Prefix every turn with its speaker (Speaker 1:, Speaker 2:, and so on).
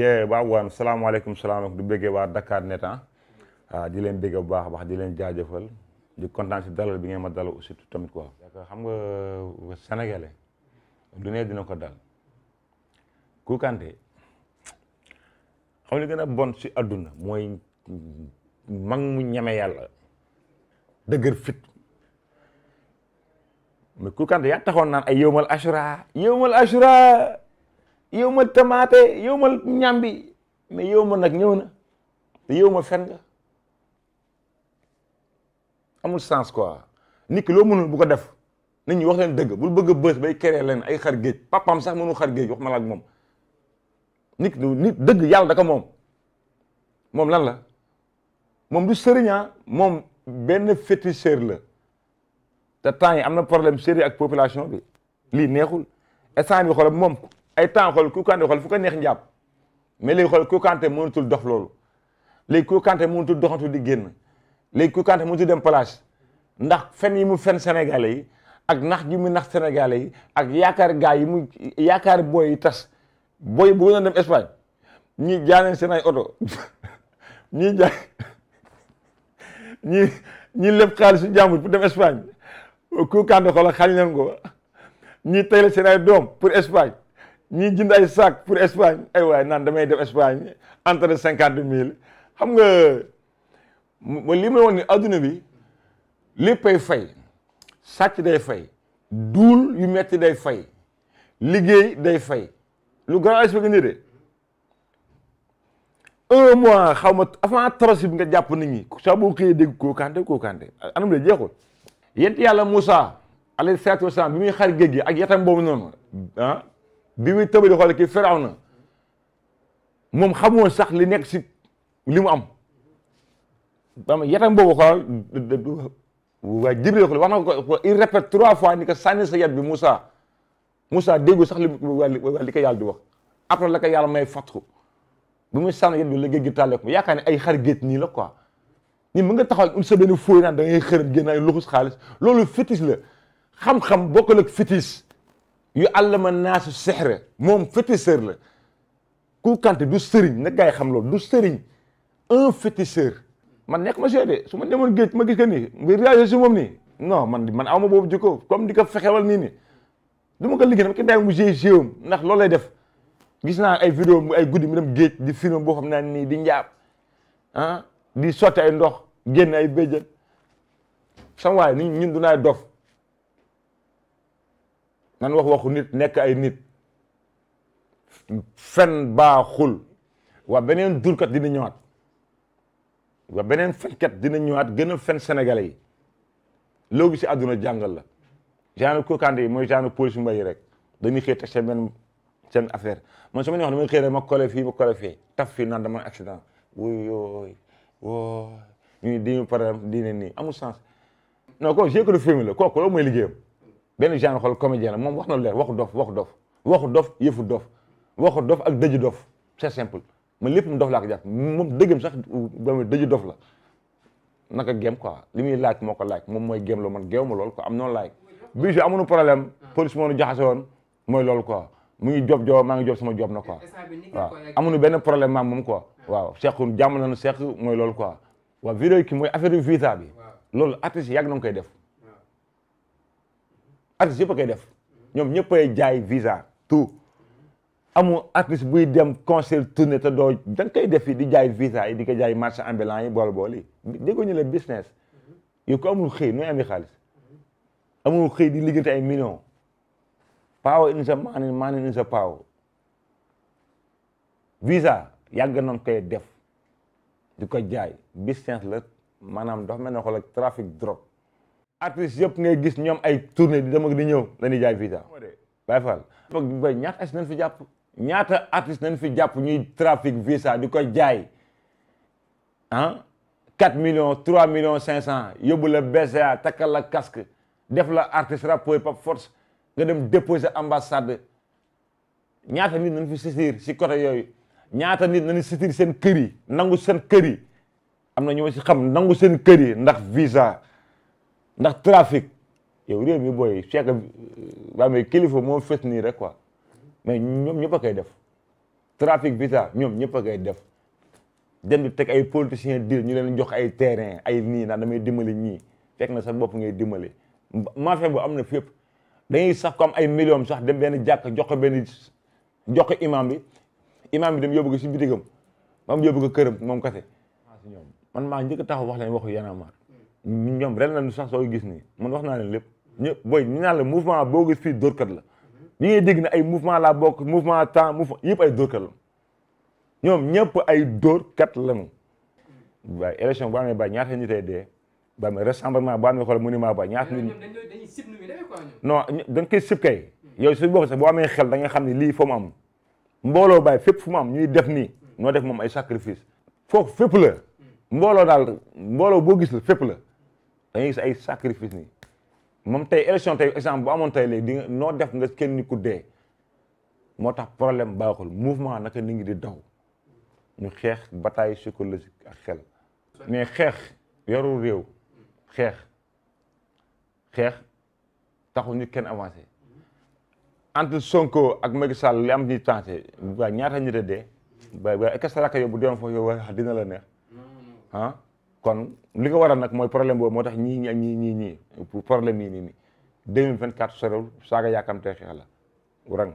Speaker 1: yee baabu waan salaamaaleykum salaamaaleykum du bëggee waa Dakar Net ah, ah di leen bëgg bu baax a baax di leen jaajëfal di kontaan si bi ngeen ma dalal aussi tamit quoi. xam nga euh, sénégalais lu dina ko dal ku kante xam li gën a bon si àdduna mooy mag mu ñeme yàlla dëgër fit mais ku kante yaa taxoon naan ay yowmal ashura yowmal ashura yow ma tamaate yow ma ñambi mais yow ma nag ñëw na te yow ma fen nga amul sens quoi nit ki loo mënul bu ko def ni ñi wax leen dëgg bul bëgg a bës bay créer leen ay xar géej papam sax mënu xar géej wax ma la ak moom nit nit dëgg yàlla da moom moom lan la moom du sëriñaa ah. moom benn féticheur la te temps yi am na problème sérieux ak population bi lii neexul instant bi xoolal moom ay temps xool Kounkandé xool xool fu ko neex njàpp mais léegi xool Kounkandé mënatul dox loolu léegi Kounkandé mënatul doxantu di génn léegi Kounkandé mënatul dem plage ndax fen yi mu fen Sénégalais yi ak nax gi mu nax Sénégalais yi ak yaakaar gaa yi mu yaakaar boy yi tas booy bu gën a dem Espagne ñii jaaneen seen ay oto ñii jaa ñii ñii lépp xaalisu jàmbur pour dem Espagne Kounkandé xool xañ leen ko ñii tey seen ay doom pour Espagne ñuy jënd ay sac pour Espagne ay waay naan damay dem Espagne entre cinquante mille xam nga li may wax ni adduna bi léppay fay sàcc day fay duul yu metti day fay liggéey day fay lu grand expliqué nii de un mois xaw ma avant tros bi nga jàpp ni ñi saa boo xëyee dégg kookante kookante anam la jeexul yent yàlla Moussa alayhi salaatu wasalaam bi muy xar géej ak yatam boobu noonu ah, bi muy tëb di xool kii Firawna moom xamoon sax li nekk si li mu am dama yatam boobu xoolal waa Jibril ko wax na ko il répète trois fois ni ko sànni sa yat bi Moussa Moussa déggu sax li li ko yàlla di wax après la ko yàlla may fatku bi muy sànni yat bi la géej gi tàllee ko yaakaar ne ay xar géej nii la quoi ni mën nga taxaw une semaine fooy naan da ngay xërëm génn ay luxus xaalis loolu fétiche la xam-xam bokkul ak fétiche yu naa naasu sexra moom féticheur la Koukante du sëriñ na gaa yi xam loolu du sëriñ un féticheur man nekk ma seede su ma demoon géej ma gis que ni nga réagir si moom nii non man man awma boobu jikko comme di ko fexewal nii ni du dama ki bàyyi mu g géam ndax loolu lay def gis naa ay vidéo ay guddi mu géej di film boo xam naa nii di njaab ah di sotti ay ndox génn ay béjjën sama waaye ni ñun du naay dof nan wax waxu nit nekk ay nit fen baaxul waa beneen durkat dina ñëwaat wa beneen fenkat dina ñëwaat gën a fen senegal yi loo gis si àdduna jàngal la genre kokande yi mooy genre police mbay rek dañuy xëy teg seen affaire man su ma neexoon damay xëy rek ma collé fii ma collé fii taf fii naan dama accident wuy wooy ñu ni diñu par exemple dii nii amul sens non kooku jeu que le film la kooku loolu mooy liggéeyam benn genre xool comédien la moom wax na leer waxu dof waxu dof waxu dof yëfu dof waxu dof ak dëju dof c'est simple man lépp dof laa ko jàpp moom dëggam sax dëju dof la naka gem quoi li muy laaj moo ko laaj moom mooy gem loo man géew ma loolu quoi am noonu laaj bii si amuñu problème police moo nu jaxase woon mooy loolu quoi mu ngi job job maa ngi job ma job na quoi waaw amuñu benn problème maam moom quoi waaw sequn jàmm nu seq mooy loolu quoi waaw vidéo ki mooy affaire visa bi loolu artiste yàgg nañu koy def artistes yëpp a koy def ñoom ñëpp ay jaay visa tout amul artiste buy dem concert tournée te doo da nga koy def yi di jaay visa yi di ko jaay marché ambulant yi bool bool yi déggoo ñu la business yow ko amul xëy nooy amee xaalis amul xëy di liggéeyante ay millions power in the money money in the power visa yàgg nañ koy def di ko jaay business la maanaam dafa mel ne xool trafic drogue artistes yëpp ngay gis ñoom ay tournée di dem ak di ñëw la ñuy jaay visa Baye Fall bay ñaata artiste nañ fi jàpp ñaata artiste nañ fi jàpp ñuy trafic visa di ko jaay ah 4 millions 3 millions 500 yóbbu la BCA takkal la casque def la artiste rappeur par force nga dem déposer ambassade ñaata nit nañ fi saisir si côté yooyu ñaata nit nañ saisir seen kër yi nangu seen kër yi am na ñu ma si xam nangu seen kër yi ndax visa ndax trafic yow réew mi booy fekk euh, waa mais kilifa moo fës nii rek quoi mais ñoom ñëpp a def trafic bi ta ñoom ñëpp a def dem di teg ay politiciens di ñu leen jox ay terrain ay nii naan damay dimbali ñii fekk na sa bopp ngay dimbali mafia bu am na fépp dañuy sax ko am ay millions sax dem benn jàkk jox ko benn jox ko imam bi imam bi dem yóbbu ko si bitigam ba mu yóbbu ko këram moom kase man maa njëkk taxaw wax leen waxu yanamar ñoom ren la ñu sax soo gis nii man wax naa leen lépp ñë booy ñu naan la mouvement boo gis fii dóorkat la ñi ngay dégg ne ay mouvement la bokk mouvement temps mouvement yëpp ay dóorkat la ñoom ñëpp ay dóorkat lañu waaye élection boo ba ñaata nit ay dee ba amee rassemblement boo amee xool monument ba ñaata nit non dañ koy sib kay yow su bokk sax boo amee xel da nga xam ne lii foo mu am mbooloo bàyyi fépp fu mu am ñuy def ni noo def moom ay sacrifice foofu fépp la mbooloo daal mbooloo boo gis fépp la dañuy gis ay sacrifice nii moom tey élection tey exemple bu amoon tey léegi di noo def nga kenn ni ku dee moo tax problème baaxul mouvement naka ni ngi di daw ñu xeex bataille psychologique ak xel mais xeex yorul réew xeex xeex taxul ñu kenn avancé entre Sonko ak Macky Sall li am ñuy tensé waa ñaata ñu dee ba ba ek saraka yow bu doon foofu yow wax dina la neex kon li ko waral nag mooy problème boobu moo tax ñii ñii ak ñii ñii ñii pour problème yi nii nii 2024 sorewul saaga yàkkamtee xeex la rang